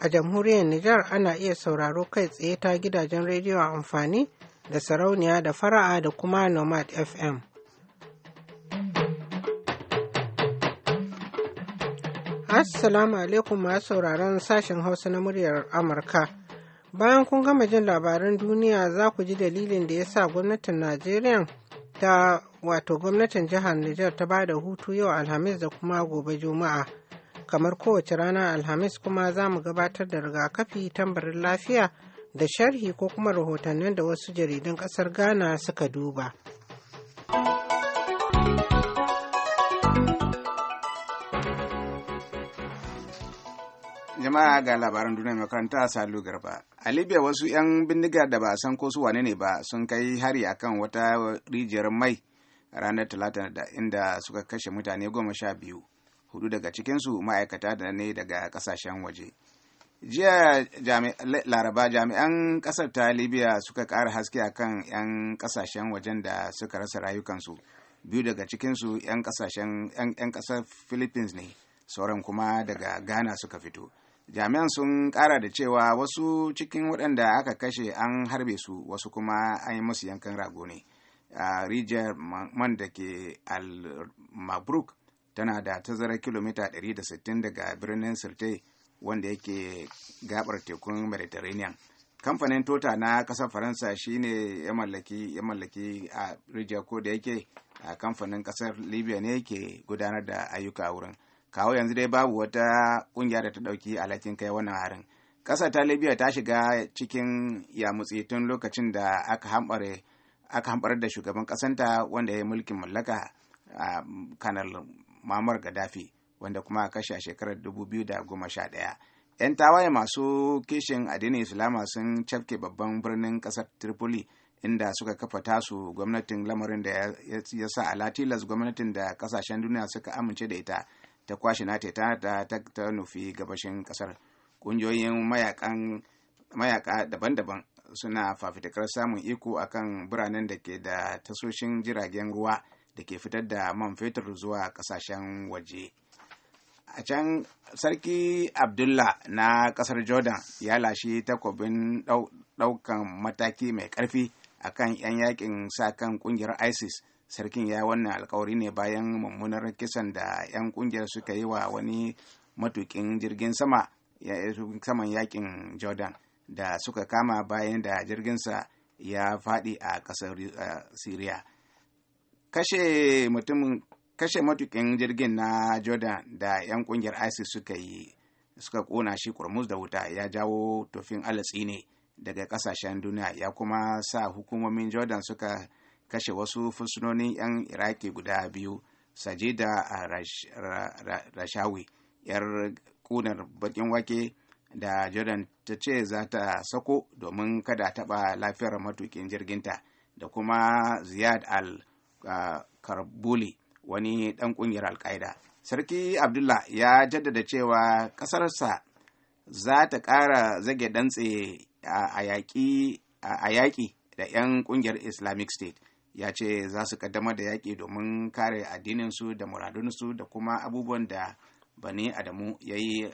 A jamhuriyar Nijar ana iya sauraro kai tsaye ta gidajen rediyo amfani da sarauniya da fara'a da kuma Nomad FM. Assalamu alaikum masu sauraron sashen Hausa na muryar Amurka. Bayan kun gama jin labaran duniya za ku ji dalilin da ya sa gwamnatin Najeriya ta wato gwamnatin jihar Nijar ta ba da hutu yau Alhamis da kuma gobe Juma'a. kamar kowace rana Alhamis kuma za mu gabatar da rigakafi tambarin lafiya da sharhi ko kuma rahotannin da wasu jaridan kasar Ghana suka duba. jama'a ga labaran duniya makaranta salo garba a libya wasu 'yan bindiga da ba san ko su wane ne ba sun kai hari akan wata rijiyar mai ranar talata da inda suka kashe mutane goma sha biyu hudu daga cikinsu ma'aikata da ne daga kasashen waje jiya laraba jami'an ƙasar ta libya suka ƙara haske a kan 'yan kasashen wajen da suka rasa rayukansu biyu daga cikinsu 'yan kasashen 'yan kasar philippines ne sauran kuma daga ghana suka fito jami'an sun ƙara da cewa wasu cikin waɗanda aka kashe an harbe su wasu kuma an yi musu yankan rago ne a rijiyar man da ke al-mabruk tana da tazarar kilomita 160 daga birnin sirte wanda yake gabar tekun mediterranean kamfanin tota na kasar faransa shine ya mallaki ya mallaki a rijiyar ko da yake a kamfanin kasar libya ne ke gudanar da ayyuka wurin kawo yanzu dai babu wata kungiya da ta dauki alhakin kai wannan harin kasar ta libya ta shiga cikin yamutsi tun lokacin da aka hambare aka hambar da shugaban kasanta wanda ya yi mulkin mallaka a kanar Muammar Gaddafi wanda kuma a kashe a shekarar 2011. 'Yan tawaye masu kishin addinin Islama sun cafke babban birnin ƙasar Tripoli inda suka kafa tasu gwamnatin lamarin da ya sa alatilas gwamnatin da ƙasashen duniya suka amince da ita ta kwashe nata ta ta nufi gabashin ƙasar. Ƙungiyoyin mayaka daban-daban suna fafitakar samun iko akan biranen da ke da tasoshin jiragen ruwa. da ke fitar da man fetur zuwa kasashen waje a can sarki abdullah na kasar jordan ya lashe takobin daukan mataki mai karfi a kan 'yan yakin sa kan kungiyar isis sarkin ya wannan alkawari ne bayan mummunar kisan da 'yan kungiyar suka yi wa wani matukin jirgin sama saman yakin jordan da suka kama bayan da jirginsa ya faɗi a ƙasar eh, syria kashe mutumin kashe matukin jirgin na jordan da 'yan kungiyar isis suka yi suka kona shi kurmus da wuta ya jawo tofin alatsi ne daga kasashen duniya ya kuma sa hukumomin jordan suka kashe wasu fursunonin 'yan iraki guda biyu sajida a rashawi yar kunar bakin wake da jordan ta ce za ta sako domin kada taɓa lafiyar matukin jirginta da kuma ziyad al karbuli wani ɗan ƙungiyar alkaida sarki abdullah ya jaddada cewa ƙasarsa za ta ƙara zage dantse a yaƙi da 'yan ƙungiyar islamic state ya ce za su kaddamar da yaƙi domin kare addininsu da muradunsu da kuma abubuwan da bani adamu ya yi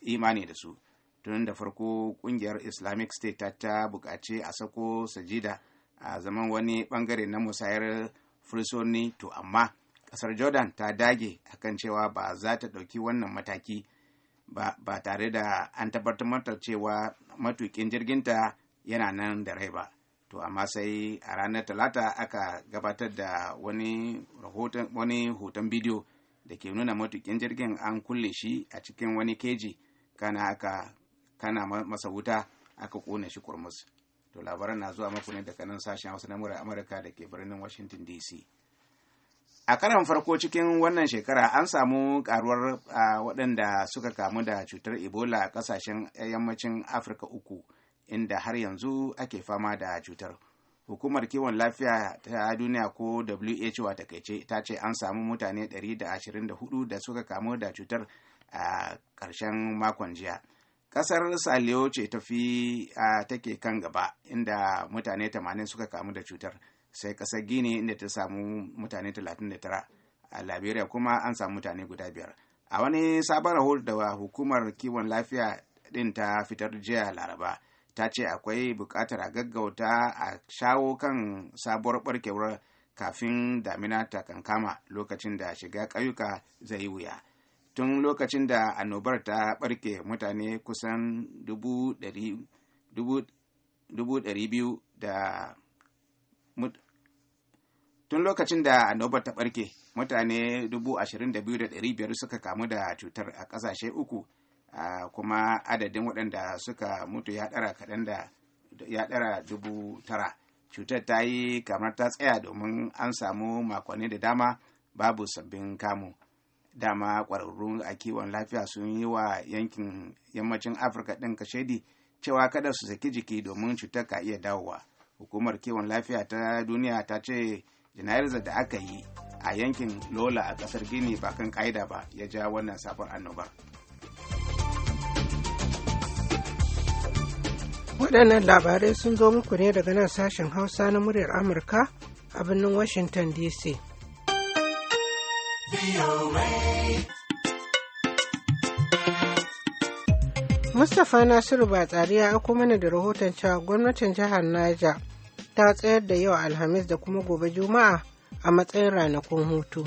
imani da su tun da farko ƙungiyar islamic state ta ta buƙaci a sako sajida a zaman wani ɓangare na musayar fursoni to amma kasar jordan ta dage akan cewa ba za ta ɗauki wannan mataki ba, ba tare da an tabbatar mata cewa matukin jirginta yana nan da rai ba to amma sai a ranar talata aka gabatar da wani, wani hoton bidiyo da ke nuna matukin jirgin an kulle shi a cikin wani keji kana aka kana masa wuta aka kone shi kurmus to labaran na zuwa muku ne daga nan sashen hausa na murar amurka da ke birnin washington dc a karan farko cikin wannan shekara an samu karuwar waɗanda suka kamu da cutar ebola a ƙasashen eh, yammacin afirka uku inda har yanzu ake fama da cutar hukumar kiwon lafiya ta duniya ko who a takaice ta ce an samu mutane 124 da suka kamu da cutar a ƙarshen makon jiya kasar saliyo ce tafi a take kan gaba inda mutane 80 suka kamu da cutar sai kasar gini inda ta samu mutane 39 a liberia kuma an samu mutane guda biyar a wani sabon rahoto da hukumar kiwon lafiya din ta fitar jiya laraba ta ce akwai bukatar a gaggauta a shawo kan sabuwar barkewar kafin damina ta kankama lokacin da shiga ƙauyuka zai yi wuya tun lokacin da annobar ta barke mutane kusan dubu da tun lokacin da annobar ta barke mutane da biyar suka kamu da cutar a ƙasashe uku kuma adadin waɗanda suka mutu ya ɗara kaɗan da ya ɗara dubu tara cutar ta yi kamar ta tsaya domin an samu makonni da dama babu sabbin kamu dama ƙwararru a kiwon lafiya sun yi wa yankin yammacin afirka ɗin kashedi cewa kada su saki jiki domin cutar ka iya dawowa hukumar kiwon lafiya ta duniya ta ce jana'izar da aka yi a yankin lola a ƙasar gini ba kan ƙa'ida ba ya ja wannan sabon annobar waɗannan labarai sun zo muku ne daga nan sashen hausa na muryar amurka a birnin washington dc Mustapha Nasiru Batsari ya aiko mana da rahoton cewa gwamnatin jihar Naja ta tsayar da yau Alhamis da kuma gobe Juma'a a matsayin ranakun hutu.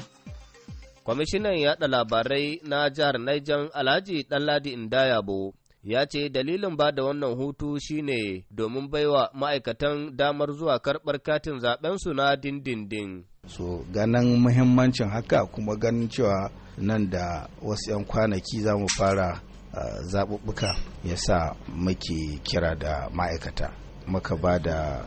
Kwamishinan yaɗa labarai na jihar Niger Alhaji Ɗanladi Indayabo ya ce dalilin ba da wannan hutu shine domin baiwa ma'aikatan damar zuwa karɓar katin zaɓensu na dindindin. so ganin muhimmancin haka kuma ganin cewa nan da wasu 'yan kwanaki za mu fara zaɓuɓɓuka ya sa muke kira da ma'aikata muka ba da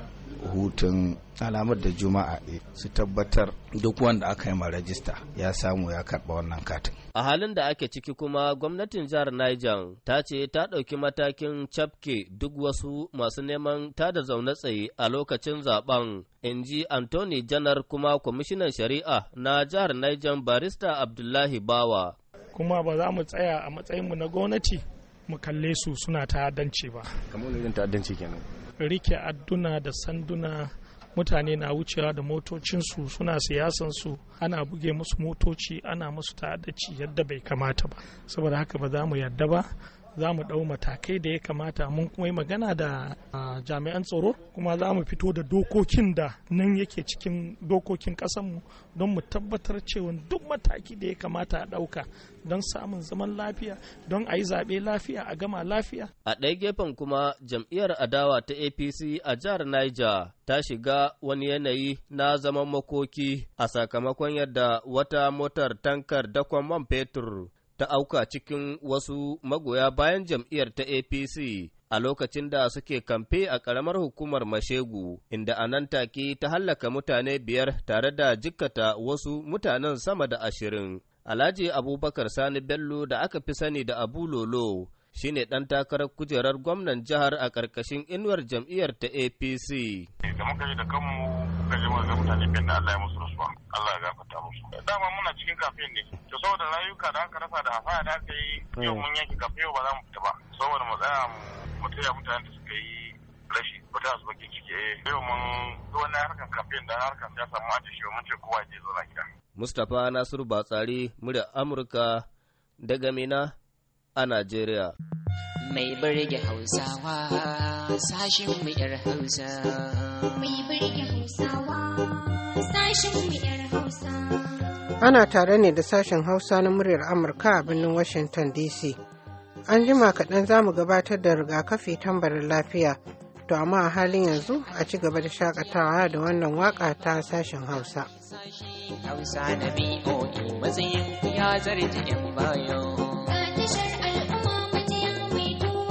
hutun alamar da juma'a su tabbatar duk wanda aka yi ma rajista ya samu ya karba wannan katin. A halin da ake ciki kuma gwamnatin jihar Niger ta ce ta ɗauki matakin cafke duk wasu masu neman tada zaune tsaye a lokacin zaben in ji Anthony Janar kuma kwamishinan shari'a na jihar Niger barista Abdullahi Bawa. Kuma ba za mu tsaya a matsayinmu na gwamnati mu kalle su suna ta'addanci ba. Kamar ta'addanci kenan. rike adduna da sanduna mutane na wucewa da motocinsu suna siyasansu ana buge musu motoci ana musu ta'addaci yadda bai kamata ba saboda haka ba za mu yadda ba za mu ɗau matakai da ya kamata mun kuma yi magana da jami'an tsaro kuma za mu fito da dokokin da nan yake cikin dokokin ƙasanmu don mu tabbatar cewa duk mataki da ya kamata a ɗauka don samun zaman lafiya don a yi zaɓe lafiya a gama lafiya. A ɗaya gefen kuma jam'iyyar adawa ta APC a jihar Niger ta shiga wani yanayi na zaman makoki a sakamakon yadda wata motar tankar dakon man fetur ta auka cikin wasu magoya bayan jam'iyyar ta APC a lokacin da suke kamfe a ƙaramar hukumar Mashegu, inda a nan take ta hallaka mutane biyar tare da jikkata wasu mutanen sama da ashirin. Alhaji Abubakar Sani Bello da aka fi sani da Abu Lolo shi ne ɗan takarar kujerar gwamnan jihar a ƙarƙashin inuwar jam'iyyar ta APC. suka je muka ga mutane biyan da Allah ya musu rasuwa Allah ya gafarta musu dama muna cikin kafin ne to saboda rayuka da aka rasa da hafaya da aka yi yau hmm. mun yanke kafin yau ba za mu fita ba saboda mu tsaya mu taya mutane da suka yi rashi ba ta zuba bakin ciki eh yau mun na harkar kafin da harkar ya samu aje shi mun ce kowa je zo na gida Mustapha Nasiru Batsari murya Amurka daga Mina a Najeriya. mai birge hausawa sashin mu yar hausa mai birge hausawa sashin mu yar hausa ana tare ne da sashen hausa na muryar amurka a birnin washington dc an jima kaɗan za mu gabatar da rigakafi tambarin lafiya to amma a halin yanzu a ci gaba da shakatawa da wannan waka ta sashen hausa hausa na boe matsayin ya zarji yan bayo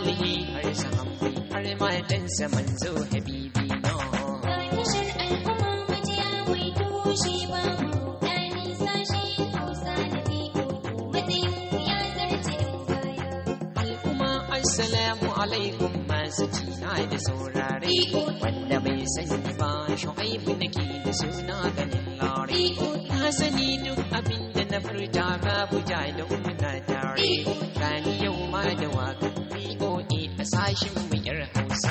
alihi har sahabbai har matansa manzo habibi no ga tashar al'umma majiya mai tushe ba Assalamu alaikum masu cina da saurare wanda bai sani ba shu'aibu nake da suna ganin lare na sani duk abin da na furta babu da muna tare rani yau ma da waka a sashin Hausa.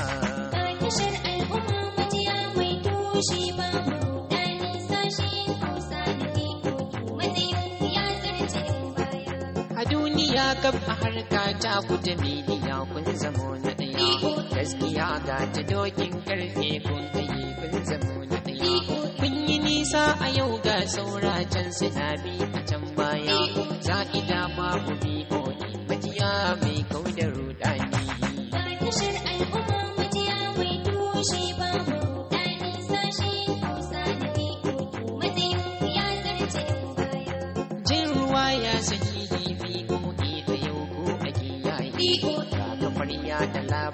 Ba al'umma majiya mai toshe ba mu dani sashin Hausa da ke ya zarce baya. A duniya gab a harka ta kuta miliya kun zamo na ɗaya. Gaskiya ga ta dokin karfe kun kayi kun zamo na ɗaya. Kun yi nisa a yau ga saura can suna bi a can baya. Za'ida babu bi majiya mai kauri. da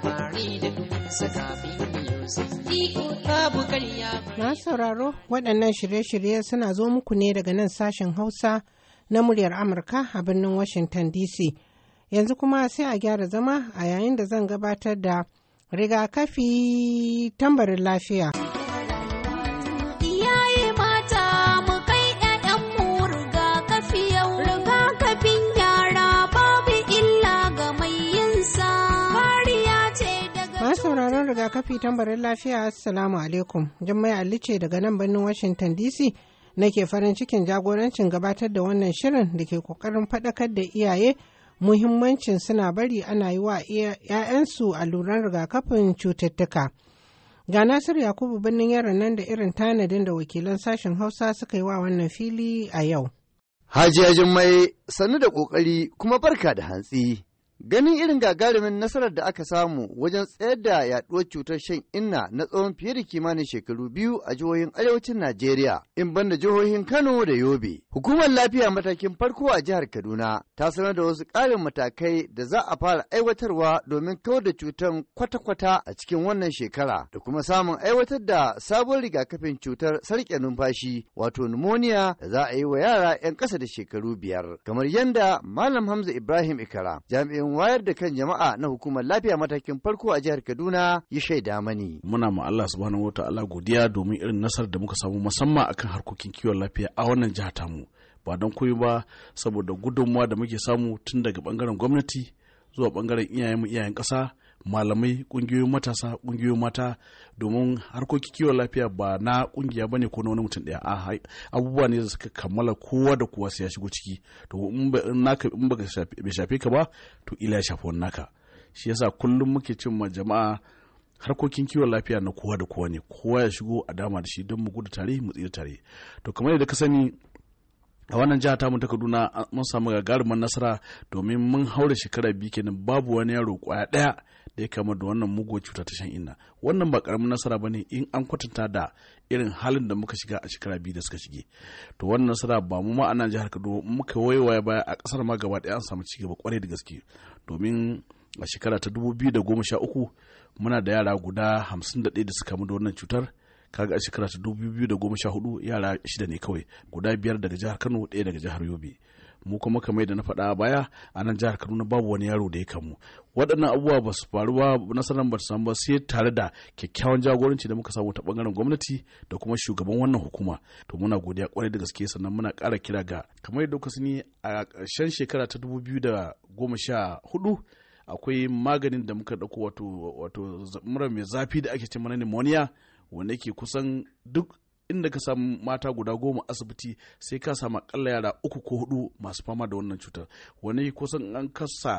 Na sauraro waɗannan shirye-shirye suna zo muku ne daga nan sashen Hausa na muryar Amurka a birnin Washington DC. Yanzu kuma sai a gyara zama a yayin da zan gabatar da rigakafi tambarin lafiya. rigakafi tambarin lafiya assalamu alaikum jummai alice daga nan birnin washington dc nake farin cikin jagorancin gabatar da wannan shirin da ke kokarin faɗakar da iyaye muhimmancin suna bari ana yi wa 'ya'yansu alluran rigakafin cututtuka ga Nasir yakubu birnin yaran nan da irin tanadin da wakilan sashen hausa suka yi wa wannan fili a yau hajiya jummai sannu da kokari kuma barka da hantsi Ganin irin gagarumin nasarar da aka samu wajen tsayar da yaduwar cutar shan inna na tsawon fiye da kimanin shekaru biyu a jihohin arewacin Najeriya, in banda jihohin Kano da Yobe. Hukumar lafiya matakin farko a jihar Kaduna ta sanar da wasu ƙarin matakai da za a fara aiwatarwa domin kawar da cutar kwata-kwata a cikin wannan shekara da kuma samun aiwatar da sabon rigakafin cutar sarƙe numfashi wato pneumonia da za a yi wa yara 'yan ƙasa da shekaru biyar. Kamar yadda Malam Hamza Ibrahim Ikara, jami'in yayin wayar da kan jama'a na hukumar lafiya matakin farko a jihar Kaduna ya shaida mani. Muna ma Allah subhanahu ta'ala godiya domin irin nasarar da muka samu musamman akan harkokin kiwon lafiya a wannan jihar tamu. Ba don koyi ba saboda gudunmuwa da muke samu tun daga bangaren gwamnati zuwa bangaren iyayen mu iyayen ƙasa malamai kungiyoyin matasa kungiyoyin mata domin harkokin kiwon lafiya ba na kungiya bane ko na wani mutum daya abubuwa ne da suka kammala kowa da kowa sai ya shigo ciki to in naka in baka bai shafe ka ba to ila ya shafi wani naka shi yasa kullum muke cin ma jama'a harkokin kiwon lafiya na kowa da kowa ne kowa ya shigo a dama da shi don mu gudu tare mu tsira tare to kamar yadda ka sani a wannan jiha tamu ta kaduna mun samu gagarumin nasara domin mun haura shekara biyu kenan babu wani yaro kwaya daya da ya kama da wannan mugu cuta ta shan inna wannan ba karamin nasara ba ne in an kwatanta da irin halin da muka shiga a shekara biyu da suka shige to wannan nasara ba mu ma a nan jihar kaduna muka waiwaya baya a kasar ma gaba ɗaya an samu ci gaba kwarai da gaske domin a shekara ta dubu da muna da yara guda hamsin da suka kamu da wannan cutar kaga a shekara ta dubu biyu da yara shida ne kawai guda biyar daga jihar kano daya daga jihar yobe mu kuma kamar da na faɗa a baya a nan jihar kaduna babu wani yaro da ya kamu waɗannan abubuwa ba su faru ba nasarar ba samu ba sai tare da kyakkyawan jagoranci da muka samu ta bangaren gwamnati da kuma shugaban wannan hukuma to muna godiya kwarai da gaske sannan muna ƙara kira ga kamar yadda kuka sani a ƙarshen shekara ta dubu biyu da goma sha hudu akwai maganin da muka ɗauko wato wato mura mai zafi da ake ce mana pneumonia wanda ke kusan duk inda ka samu mata guda goma asibiti sai ka samu akalla yara uku ko hudu masu fama da wannan cutar wani kusan an kasa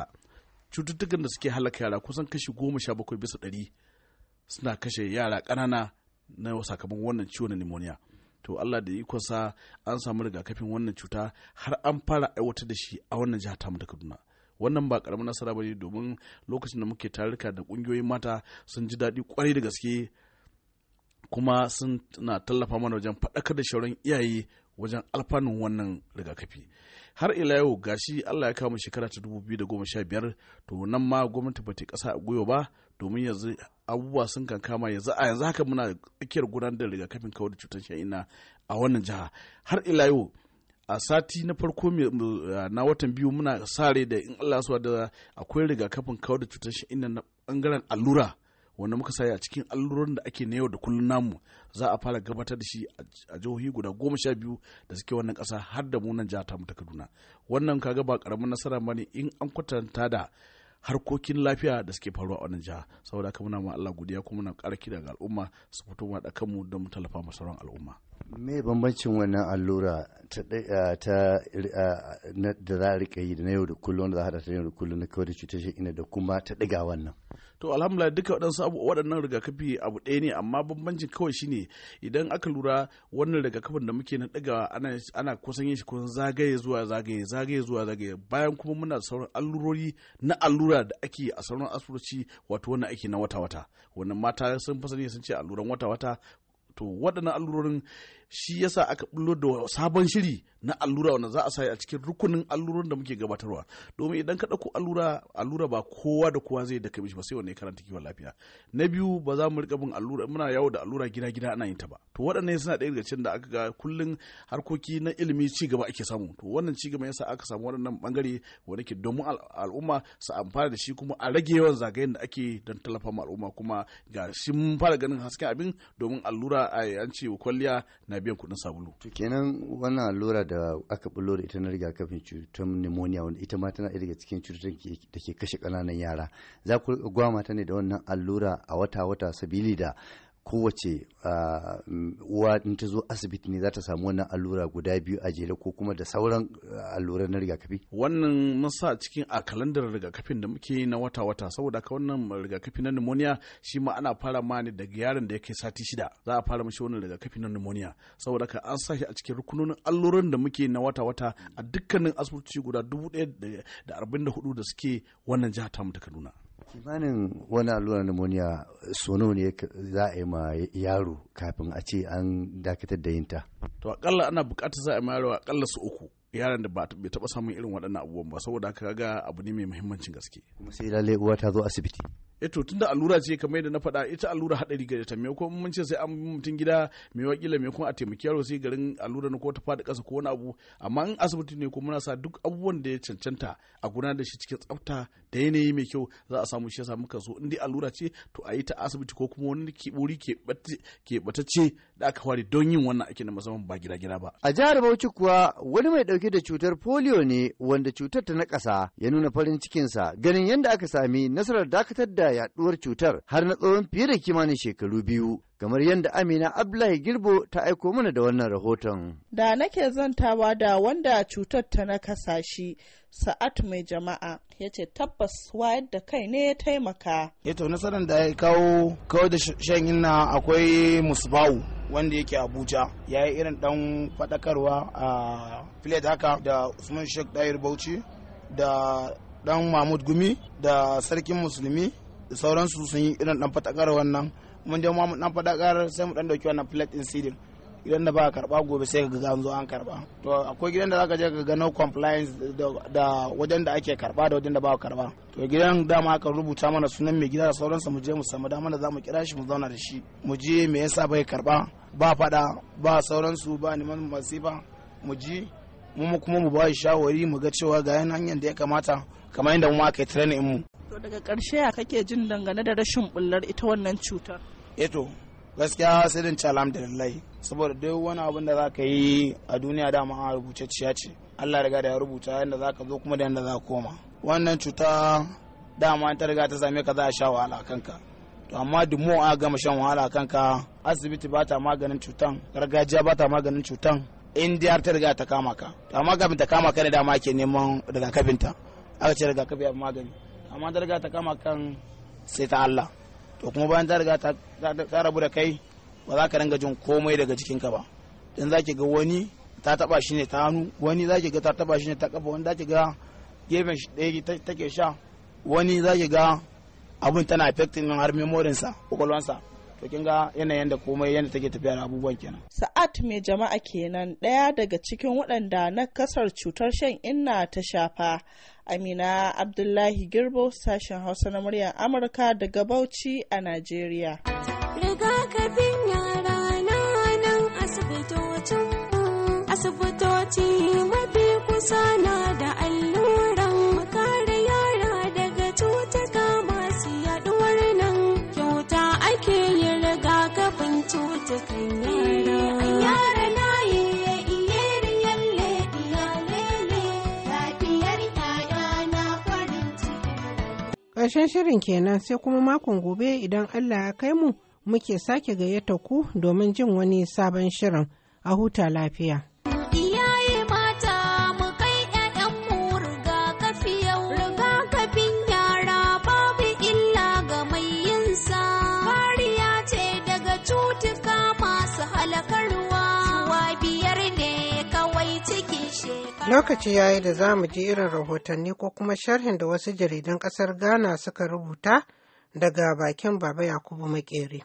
cututtukan da suke halaka yara kusan kashi goma sha bakwai bisa ɗari suna kashe yara ƙanana na sakamakon wannan ciwon pneumonia to Allah da sa an samu rigakafin wannan cuta har an fara aiwatar da shi a wannan jihar tamu da Kaduna wannan ba karamin nasara ba ne domin lokacin da muke tarurruka da kungiyoyin mata sun ji daɗi kwarai da gaske kuma sun na tallafa mana wajen faɗakar da shauran iyaye wajen alfanun wannan rigakafi har ila yau gashi Allah ya kawo mu shekara ta 2015 to nan ma gwamnati bata ta kasa a gwiwa ba domin yanzu abubuwa sun kan kama yanzu a yanzu haka muna tsakiyar gudanar da rigakafin kawar da cutar sha'ina a wannan jiha har ila yau a sati na farko na watan biyu muna sare da in Allah suwa da akwai rigakafin kawar da cutar sha'ina na bangaren allura wanda muka saya a cikin allurorin da ake na yau da kullum namu za a fara gabatar da shi a jihohi guda goma sha biyu da suke wannan ƙasa har da mu nan jihar tamu ta Kaduna wannan kaga ba karamin nasara bane in an kwatanta da harkokin lafiya da suke faruwa a wannan jiha saboda haka muna ma Allah godiya kuma muna ƙara kira ga al'umma su fito ma da kanmu don mu tallafa ma sauran al'umma me bambancin wannan allura ta ta da za a riƙe yi da na yau da kullum da za a hada ta yau da kullum na kawai da cutar shi ina da kuma ta ɗiga wannan to alhamdulillah duka waɗansu abu waɗannan rigakafi abu ɗaya ne amma bambancin kawai shine idan aka lura wannan rigakafin da muke na ɗagawa ana kusan yin shi kusan zagaye zuwa zagaye zagaye zuwa zagaye bayan kuma muna da sauran allurori na allura da ake a sauran asibitoci wato wannan ake na wata wata wannan mata sun ne sun ce alluran wata wata to waɗannan allurorin shi yasa aka bullo da sabon shiri na allura wanda za a sa a cikin rukunin alluran da muke gabatarwa domin idan ka ɗauko allura allura ba kowa da kowa zai da kai ba sai wanda ya karanta kiwon lafiya na biyu ba za mu rika bin allura muna yawo da allura gida gida ana yin ta ba to waɗannan suna ɗaya daga cikin da aka ga kullun harkoki na ilimi ci gaba ake samu to wannan ci gaba yasa aka samu waɗannan bangare wanda ke domin al'umma su amfana da shi kuma a rage yawan zagayen da ake don tallafa ma al'umma kuma ga shi mun fara ganin hasken abin domin allura a an ce kwalliya na na biyan kudin sabulu. kenan wannan allura da aka bullo da ita na rigakafin cutar pneumonia wanda ita ma tana daga cikin cutar da ke kashe kananan yara. Za ku gwama ne da wannan allura a wata-wata sabili da kowace uwa in ta zo asibiti ne za ta samu wannan allura guda biyu a jere ko kuma da sauran allura na rigakafi wannan mun sa cikin a kalandar rigakafin da muke na wata-wata saboda ka wannan rigakafi na pneumonia shi ma ana fara ma ne daga yaron da yake sati shida za a fara mishi wannan rigakafi na pneumonia saboda ka an sa shi a cikin rukunonin alluran da muke na wata-wata a dukkanin asibitoci guda dubu ɗaya da arba'in da hudu da suke wannan jihar tamu ta kaduna kimanin wani allurar pneumonia sono ne za a yi ma yaro kafin a ce an dakatar da yinta to akalla ana bukatar za a yi ma yaro akalla su uku yaran da bai taba samun irin waɗannan abubuwan ba saboda ka ga abu ne mai muhimmancin gaske kuma sai lalle uwa ta zo asibiti e to tunda allura ce kamar yadda na faɗa ita allura haɗari gare ta me ko mun ce sai an mutum gida me wakila me kuma a taimaki yaro sai garin allura na ko ta faɗi ƙasa ko wani abu amma in asibiti ne ko muna sa duk abubuwan da ya cancanta a gudanar da shi cikin tsafta da yanayi mai kyau za a samu shi ya samu kaso in dai allura ce to a yi ta asibiti ko kuma wani ke keɓatacce da aka ware don yin wannan ake na musamman ba gida gida ba. A jihar Bauchi kuwa wani mai ɗauke da cutar polio ne wanda cutar ta na ƙasa ya nuna farin cikinsa ganin yadda aka sami nasarar dakatar da takaita yaduwar cutar har na tsawon fiye da kimanin shekaru biyu kamar yadda Amina Abdullahi Girbo ta aiko mana da wannan rahoton. Da nake zantawa da wanda cutar ta na shi sa'at mai jama'a ya ce tabbas wayar da kai ne ya taimaka. Ya eh to nasarar da ya kawo kawo da shan inna akwai musbawu wanda yake abuja ya yi irin dan fadakarwa a filet haka da usman sheikh dair bauchi da dan mahmud gumi da sarkin musulmi sauransu sun yi irin dan fadakar wannan mun je mu dan fadakar sai mu dan dauki wannan plate in seeding idan da ba a karba gobe sai ka ga an zo an karba to akwai gidan da zaka je ka ga no compliance da wajen da ake karba da wajen da ba a karba to gidan dama aka rubuta mana sunan mai gida da sauransu mu je mu samu dama da zamu kira shi mu zauna da shi mu je me yasa bai karba ba fada ba sauransu ba neman masifa mu ji mu kuma mu ba shi shawari mu ga cewa ga yan hanyar da ya kamata kamar yadda mu aka yi training mu to daga karshe ya kake jin dangane da rashin bullar ita wannan cutar eto eh gaskiya sai din ci alhamdulillah saboda duk wani abin da zaka yi a duniya dama a ciya ce Allah riga da ya rubuta yadda zaka zo kuma da yadda za koma wannan cuta dama ta riga ta same ka za a sha wahala kanka to amma duk mu a gama shan wahala kanka asibiti ba ta maganin cutan gargajiya ba ta maganin cutan indiyar ta riga ta kama ka to amma kafin ta kama ka ne dama ake neman rigakafinta aka ce rigakafi ya magani amma ta riga ta kama kan sai ta Allah to kuma bayan ta riga ta rabu da kai ba za ka ringa jin komai daga jikinka ba dan za ki ga wani ta taba shi ne ta hannu wani za ki ga ta taba shi ne ta kafa wani za ki ga gefen shi ɗaya take sha wani za ki ga abun tana affecting har memorinsa kwakwalwansa to kin ga yanayin da komai yanda take tafiya da abubuwan kenan sa'at mai jama'a kenan daya daga cikin waɗanda na kasar cutar shan inna ta shafa amina abdullahi girbo sashen hausa na muryar amurka daga bauchi a najeriya rigakafin yara na nan mafi kusa Ƙarshen shirin kenan sai kuma makon gobe idan Allah ya kai mu muke sake gayyata ku domin jin wani sabon shirin a huta lafiya. Lokaci ya yi da za mu ji irin rahotanni ko kuma sharhin da wasu jaridan ƙasar Ghana suka rubuta daga bakin Baba Yakubu makeri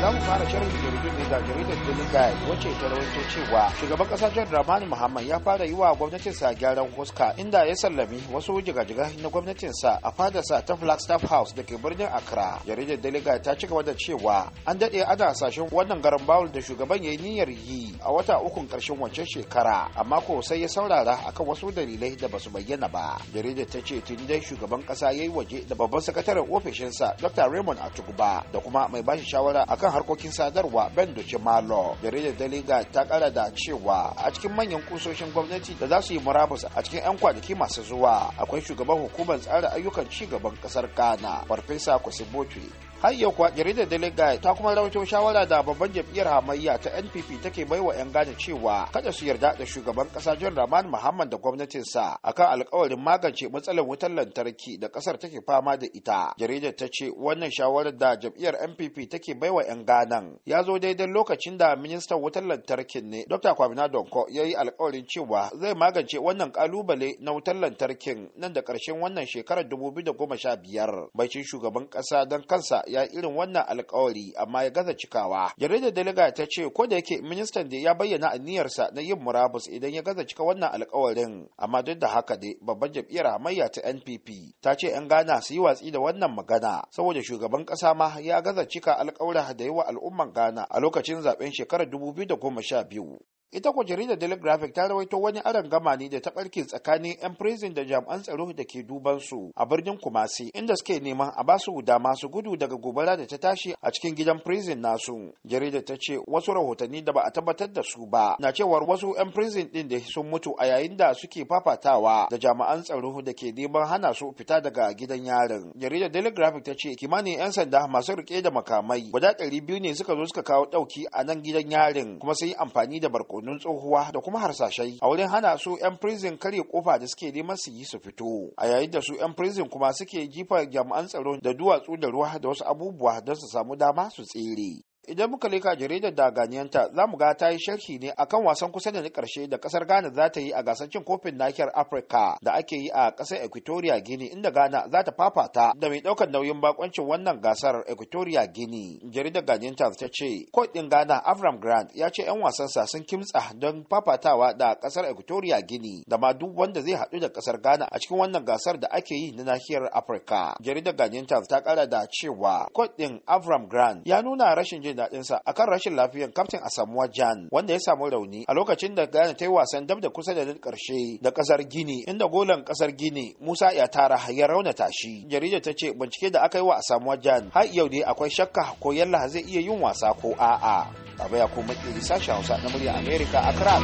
Zamu fara sharhin daga jaridar daily guide wacce ta rawaito cewa shugaban kasa jan ramani muhammad ya fara yi wa sa gyaran huska inda ya sallami wasu jigajiga na gwamnatin sa a fadarsa ta flagstaff house da ke birnin accra jaridar daily ta cika gaba da cewa an daɗe ana sashen wannan garin bawul da shugaban ya yi niyyar yi a wata ukun karshen wancan shekara amma ko sai ya saurara akan wasu dalilai da basu bayyana ba jaridar ta ce tun dai shugaban kasa ya yi waje da babban sakataren ofishinsa dr raymond atuguba da kuma mai bashi shawara akan harkokin sadarwa ben Ado malo Jaridar Daily ta kara da cewa a cikin manyan kusoshin gwamnati da za su yi murabus a cikin 'yan kwanaki masu zuwa akwai shugaban hukumar tsara ayyukan ci gaban kasar Ghana, Farfesa Kwasibotu har yau kwa jaridar daily ta kuma rawaito shawara da babban jam'iyyar hamayya ta npp take baiwa yan gane cewa kada su yarda da shugaban kasa john rahman muhammad da gwamnatinsa akan alkawarin magance matsalar wutar lantarki da kasar take fama da ita jaridar ta ce wannan shawarar da jam'iyyar npp take baiwa yan ganan ya zo daidai lokacin da ministan wutar lantarkin ne dr kwamina donko ya yi alkawarin cewa zai magance wannan kalubale na wutar lantarkin nan da karshen wannan shekarar 2015 baicin shugaban kasa don kansa ya ya irin wannan alkawari amma ya gaza cikawa jaridar daliga ta ce ko da yake ministan da ya bayyana aniyarsa na yin murabus idan ya gaza cika wannan alkawarin amma duk da haka dai babban jam'iyyar hamayya ta npp ta ce 'yan ghana su yi watsi da wannan magana saboda shugaban kasa ma ya gaza cika alkawarin da yi wa al'umman ghana a lokacin zaben shekarar 2012 ita ko jaridar daily graphic ta rawaito wani aron gama ne da ta ɓarki tsakanin yan prison da jami'an tsaro da ke duban su a birnin kumasi inda suke neman a basu dama masu gudu daga gobara da ta tashi a cikin gidan prison nasu jaridar ta ce wasu rahotanni da ba a tabbatar da su ba na cewar wasu yan prison ɗin da sun mutu a yayin da suke fafatawa da jami'an tsaro da ke neman hana su fita daga gidan yarin jaridar daily graphic ta ce kimanin yan sanda masu rike da makamai guda ɗari biyu ne suka zo suka kawo ɗauki a nan gidan yarin kuma sun yi amfani da barko kunnun tsohuwa da kuma harsashai a wurin hana su 'yan prison karya kofa da suke neman su yi su fito a yayin da su 'yan prison kuma suke jifa jami'an tsaro da duwatsu da ruwa da wasu abubuwa don su samu dama su tsere idan muka leka jaridar da ganiyanta za mu ga ta yi sharhi ne akan wasan kusa da na karshe da kasar ghana za ta yi a gasar cin kofin nahiyar afirka da ake yi a kasar equatoria guinea inda ghana za ta fafata da mai daukar nauyin bakoncin wannan gasar equatoria guinea jaridar ganiyanta ta ce kot din ghana avram grant ya ce yan wasan sa sun kimtsa don fafatawa da kasar equatoria guinea da ma duk wanda zai haɗu da kasar ghana a cikin wannan gasar da ake yi na nahiyar afirka jaridar ganiyanta ta kara da cewa kot din avram grant ya nuna rashin jin jin daɗinsa akan rashin lafiyar kaftin Asamuwa Jan wanda ya samu rauni a lokacin da gane ta yi wasan dab da kusa da karshe da kasar Gini inda golan kasar Gini Musa ya tara ya raunata shi. Jarida ta ce bincike da aka yi wa Asamuwa Jan har yau dai akwai shakka ko yalla zai iya yin wasa ko a'a. Baba ya kuma ƙiri sashen Hausa na murya Amerika a kira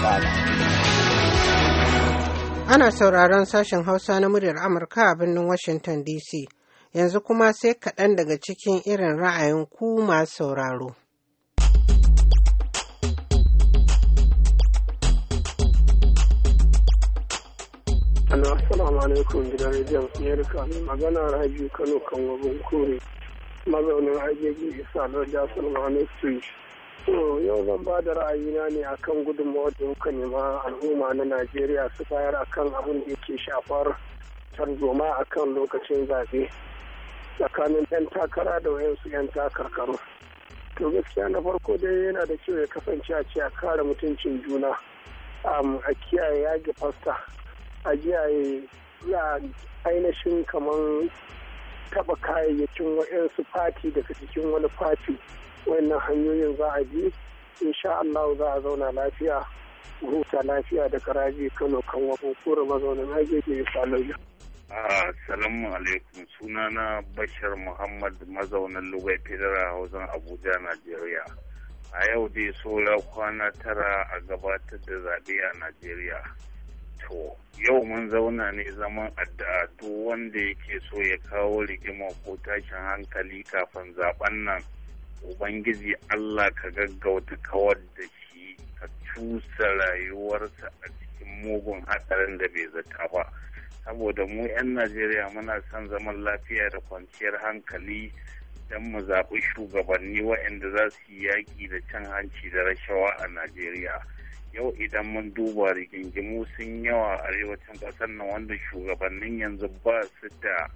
Ana sauraron sashen Hausa na muryar Amurka a birnin Washington DC. yanzu kuma sai kaɗan daga cikin irin ra'ayin ku masu sauraro. Hello, assalamu alaikum gidan rediyon Amerika. Magana Rajiyu Kano kan wabin kore. Mazaunin Ajeji Isa Street. So, yau zan ba da ra'ayina ne akan gudunmawar da muka nema al'umma na Najeriya su bayar a kan abin da yake shafar tarzoma akan lokacin zaɓe tsakanin 'yan takara da wayansu 'yan takarkaru. To gaskiya na farko dai yana da kyau ya kasance a ce a kare mutuncin juna. a kiyaye yage fasta ajiyaye ya ainihin kamar taba kayayyakin waɗansu fati daga cikin wani fati wannan hanyoyin za a bi insha Allah za a zauna lafiya huta lafiya da karaji kano kan wafin kura mazaunin agege ya salauya. Assalamu alaikum Suna na Bashir Muhammad mazaunin Lugai Federal wajen Abuja, Najeriya. A yau dai saura kwana tara a gabatar da zaɓe a Najeriya. to yau mun zauna ne zaman addu'a to wanda yake so ya kawo rigima ko tashin hankali kafin zaben nan ubangiji allah ka gaggauta kawar da shi ka cusa rayuwarsa a cikin mugun hatsarin da bai zata ba saboda mu 'yan najeriya muna son zaman lafiya da kwanciyar hankali don mu zaɓi shugabanni waɗanda za su yi yaƙi da cin hanci da rashawa a najeriya yau idan mun duba rigingimu sun yawa a arewacin ƙasar nan wanda shugabannin yanzu ba su da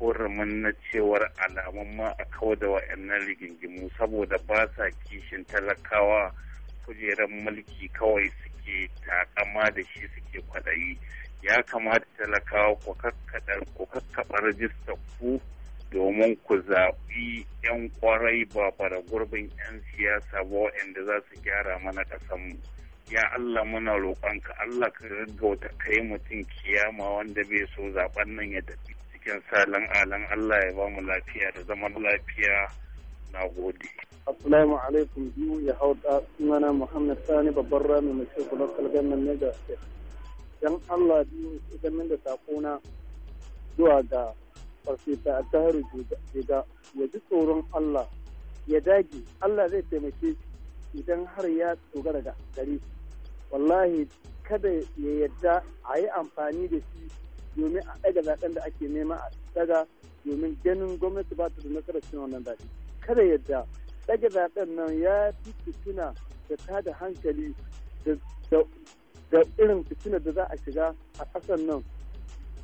hurumin na cewar alamun ma a kawo da wa'annan rigingimu saboda ba sa kishin talakawa kujerar mulki kawai suke takama da shi suke kwaɗayi ya kamata talakawa ku kakkaɓa rajistar ku domin ku zaɓi 'yan kwarai ba fara gurbin 'yan siyasa ba waɗanda za su gyara mana ƙasanmu. ya Allah muna roƙonka Allah ka gaggauta kai mutum kiyama wanda bai so zaɓen nan ya tafi cikin salon alan Allah ya ba mu lafiya da zaman lafiya na gode. Assalamu alaikum biyu ya hauta sunana Muhammad Sani babban rami mai ce kula kalgan nan ne Dan Allah biyu idan min da sakona zuwa ga farfesa a tahiru ya ji tsoron Allah ya dage Allah zai taimake shi idan har ya dogara ga gare shi wallahi kada ya yadda a yi amfani da shi domin a ɗaga zaɓen da ake nema a daga domin ganin gwamnati ba ta da nasarar cin wannan zaɓe kada yadda ɗaga zaɓen nan ya fi fitina da ta da hankali da irin fitina da za a shiga a ƙasar nan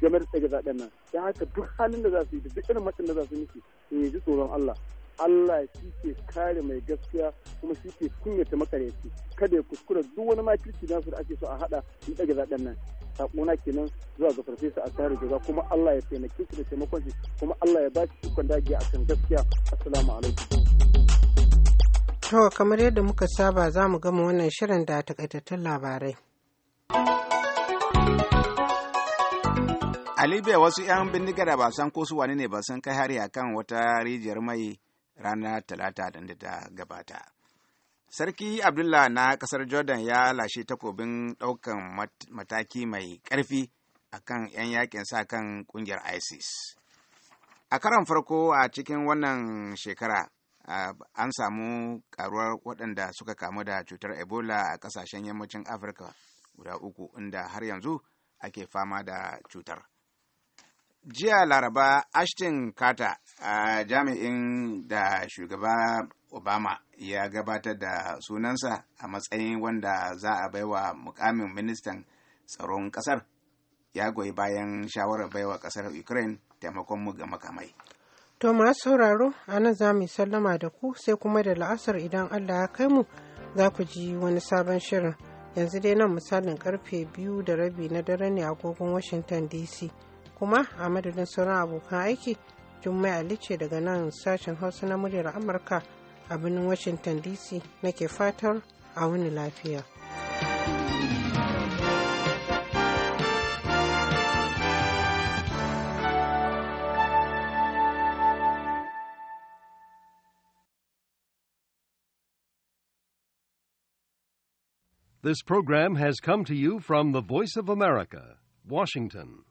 game da tsage zaɓen nan don haka duk halin da za su yi da duk irin matsin da za su yi su ji tsoron Allah Allah shi ke kare mai gaskiya kuma shi ke kunyata makareci kada ya kuskura duk wani makirci su da ake so a hada in ɗage zaɓen nan sakona kenan zuwa ga farfesa a tare da kuma Allah ya taimake shi da taimakon shi kuma Allah ya ba shi ikon dagiya a kan gaskiya assalamu alaikum to kamar yadda muka saba za mu gama wannan shirin da takaitattun labarai a libya wasu 'yan bindigar ba san ko su wane ne ba sun kai hari akan wata rijiyar mai ranar talata da ta gabata sarki abdullah na kasar jordan ya lashe takobin daukan mataki mai karfi a kan 'yan yakin sa kan kungiyar isis a karan farko a cikin wannan shekara an samu karuwar waɗanda suka kamu da cutar ebola a ƙasashen yammacin afirka guda uku inda har yanzu ake fama da cutar jiya laraba ashton carter a jami'in da shugaba obama ya gabatar da sunansa a matsayin wanda za a baiwa mukamin ministan tsaron kasar ya goyi bayan shawarar baiwa kasar ukraine taimakon ga makamai to masu sauraro a nan za mu sallama da ku sai kuma da la'asar idan allah ya kai mu za ku ji wani sabon shirin yanzu dai nan misalin karfe biyu da rabi na dare ne a agogon washington dc kuma a madadin sauran abokan aiki jummai ali daga nan sashen hausa na muryar amurka a birnin washington dc nake fatar a wani lafiya. This program has come to you from the Voice of America, Washington.